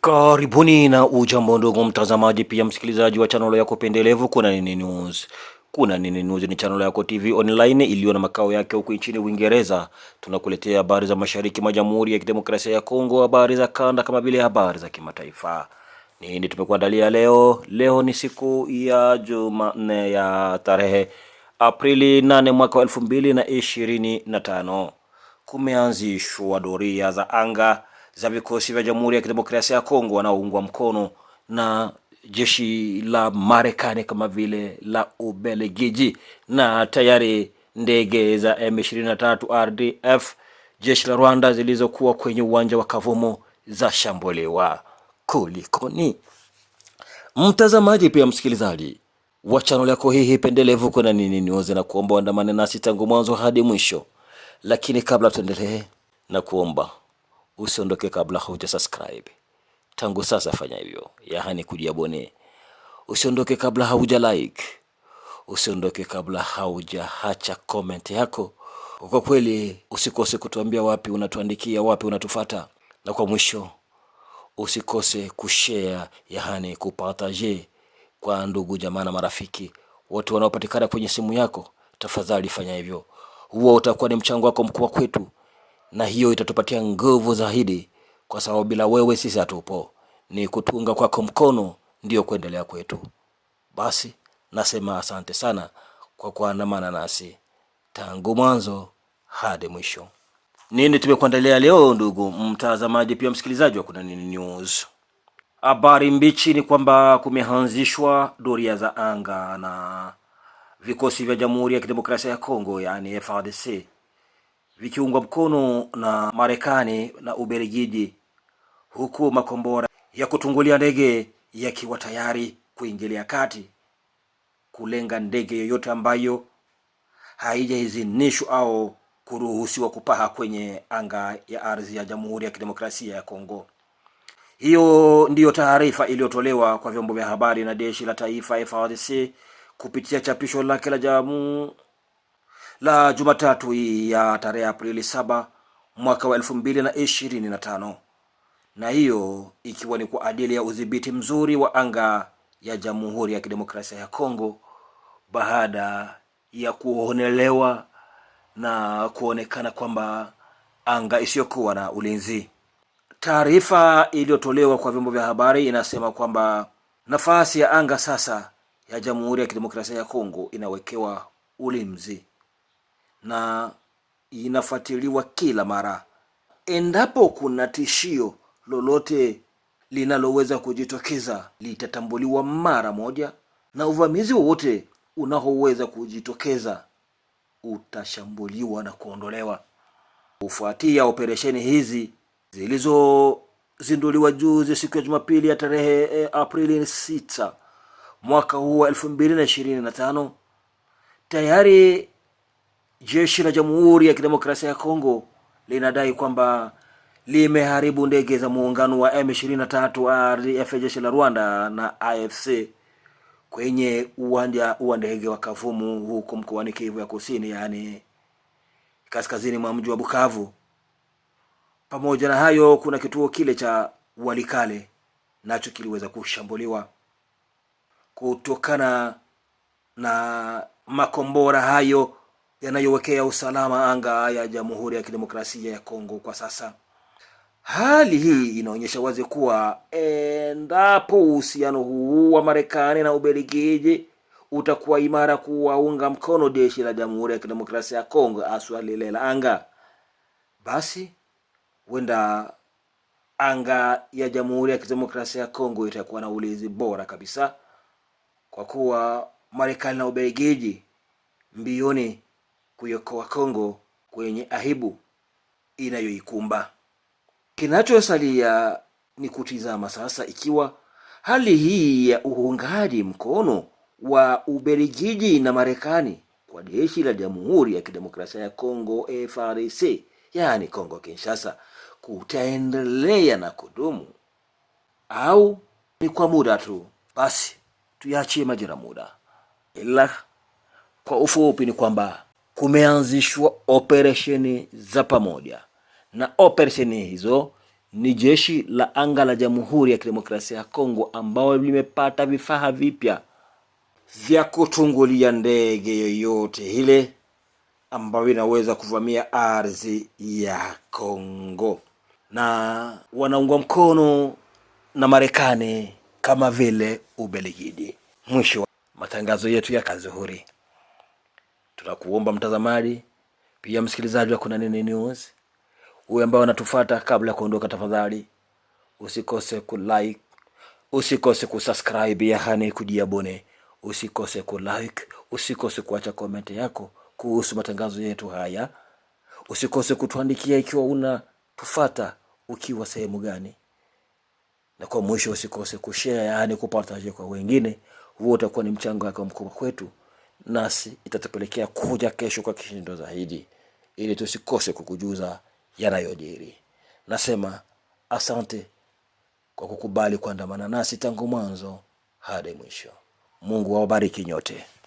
Karibuni na ujambo ndugu mtazamaji, pia msikilizaji wa chanelo yako pendelevu Kuna Nini News. Kuna Nini News ni chanelo yako TV online iliyo na makao yake huko nchini Uingereza. Tunakuletea habari za mashariki mwa Jamhuri ya Kidemokrasia ya Kongo, habari za kanda kama vile habari za kimataifa. Nini tumekuandalia leo? Leo ni siku ya Jumanne ya tarehe Aprili 8 mwaka wa 2025. Kumeanzishwa doria za anga za vikosi vya Jamhuri ya Kidemokrasia ya Kongo wanaoungwa mkono na jeshi la Marekani kama vile la Ubelgiji, na tayari ndege za M23 RDF jeshi la Rwanda zilizokuwa kwenye uwanja wa Kavumu za shambuliwa. Kulikoni mtazamaji, pia msikilizaji wa chaneli yako hii hipendelevu Kuna Nini News, na kuomba uandamane nasi tangu mwanzo hadi mwisho, lakini kabla tuendelee na kuomba Usiondoke kabla hauja subscribe. Tangu sasa fanya hivyo, yaani kujiabone. Usiondoke kabla hauja like, usiondoke kabla hauja hacha comment yako. Kwa kweli, usikose kutuambia wapi unatuandikia, wapi unatufata, na kwa mwisho usikose kushare, yaani kupartage kwa ndugu jamaa na marafiki wote wanaopatikana kwenye simu yako. Tafadhali fanya hivyo, huo utakuwa ni mchango wako mkubwa kwetu na hiyo itatupatia nguvu zaidi, kwa sababu bila wewe sisi hatupo. Ni kutunga kwako mkono ndio kuendelea kwetu. Basi nasema asante sana kwa kuandamana nasi tangu mwanzo hadi mwisho. Nini tumekuandalia leo, ndugu mtazamaji, pia msikilizaji wa Kuna Nini News? Habari mbichi ni kwamba kumeanzishwa doria za anga na vikosi vya Jamhuri ya Kidemokrasia ya Kongo, yani FARDC vikiungwa mkono na Marekani na Ubelgiji, huku makombora ya kutungulia ndege yakiwa tayari kuingilia kati kulenga ndege yoyote ambayo haijaidhinishwa au kuruhusiwa kupaha kwenye anga ya ardhi ya Jamhuri ya Kidemokrasia ya Kongo. Hiyo ndiyo taarifa iliyotolewa kwa vyombo vya habari na jeshi la taifa FARDC kupitia chapisho lake la jamu la Jumatatu ya tarehe Aprili 7 mwaka wa elfu mbili na ishirini na tano, na hiyo ikiwa ni kwa ajili ya udhibiti mzuri wa anga ya Jamhuri ya Kidemokrasia ya Kongo baada ya kuonelewa na kuonekana kwamba anga isiyokuwa na ulinzi. Taarifa iliyotolewa kwa vyombo vya habari inasema kwamba nafasi ya anga sasa ya Jamhuri ya Kidemokrasia ya Kongo inawekewa ulinzi na inafuatiliwa kila mara. Endapo kuna tishio lolote linaloweza kujitokeza, litatambuliwa mara moja, na uvamizi wowote unaoweza kujitokeza utashambuliwa na kuondolewa. Kufuatia operesheni hizi zilizozinduliwa juzi siku ya Jumapili ya tarehe eh, Aprili 6 mwaka huu wa elfu mbili na ishirini na tano tayari Jeshi la Jamhuri ya Kidemokrasia ya Kongo linadai kwamba limeharibu ndege za muungano wa M23 RDF jeshi la Rwanda na AFC kwenye uwanja wa ndege wa Kavumu huko mkoani Kivu ya Kusini, yaani kaskazini mwa mji wa Bukavu. Pamoja na hayo, kuna kituo kile cha Walikale nacho kiliweza kushambuliwa kutokana na makombora hayo yanayowekea usalama anga ya Jamhuri ya Kidemokrasia ya Kongo kwa sasa. Hali hii inaonyesha wazi kuwa endapo uhusiano huu wa Marekani na Ubelgiji utakuwa imara kuwaunga mkono jeshi la Jamhuri ya Kidemokrasia ya Kongo, aswa lile la anga, basi huenda anga ya Jamhuri ya Kidemokrasia ya Kongo itakuwa na ulinzi bora kabisa, kwa kuwa Marekani na Ubelgiji mbioni kuiokoa Kongo kwenye aibu inayoikumba. Kinachosalia ni kutizama sasa ikiwa hali hii ya uungaji mkono wa Ubelgiji na Marekani kwa jeshi la Jamhuri ya Kidemokrasia ya Kongo FARDC, yaani Kongo Kinshasa, kutaendelea na kudumu au ni kwa muda tu. Basi tuyaachie majira muda, ila kwa ufupi ni kwamba kumeanzishwa operesheni za pamoja, na operesheni hizo ni jeshi la anga la Jamhuri ya Kidemokrasia ya Kongo ambao limepata vifaa vipya vya kutungulia ndege yoyote ile ambayo inaweza kuvamia ardhi ya Kongo, na wanaungwa mkono na Marekani kama vile Ubelgiji. Mwisho wa matangazo yetu ya Kazuhuri. Tunakuomba mtazamaji, pia msikilizaji wa Kuna Nini News, huyu ambaye anatufata, kabla ya kuondoka, tafadhali usikose kulike, usikose kusubscribe, yaani kujiabone, usikose kulike, usikose kuacha komenti yako kuhusu matangazo yetu haya, usikose kutuandikia ikiwa unatufata ukiwa sehemu gani, na kwa mwisho usikose kushare, yaani kupartaje kwa wengine. Huo utakuwa ni mchango wako mkubwa kwetu nasi itatupelekea kuja kesho kwa kishindo zaidi, ili tusikose kukujuza yanayojiri. Nasema asante kwa kukubali kuandamana nasi tangu mwanzo hadi mwisho. Mungu awabariki nyote.